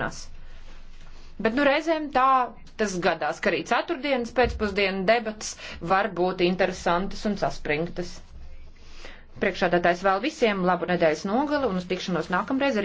sarunās. Bet nu reizēm tā tas gadās, ka arī ceturtdienas pēcpusdienas debats var būt interesantas un saspringtas. Priekšādātājs vēl visiem labu nedēļas nogali un uz tikšanos nākamreiz.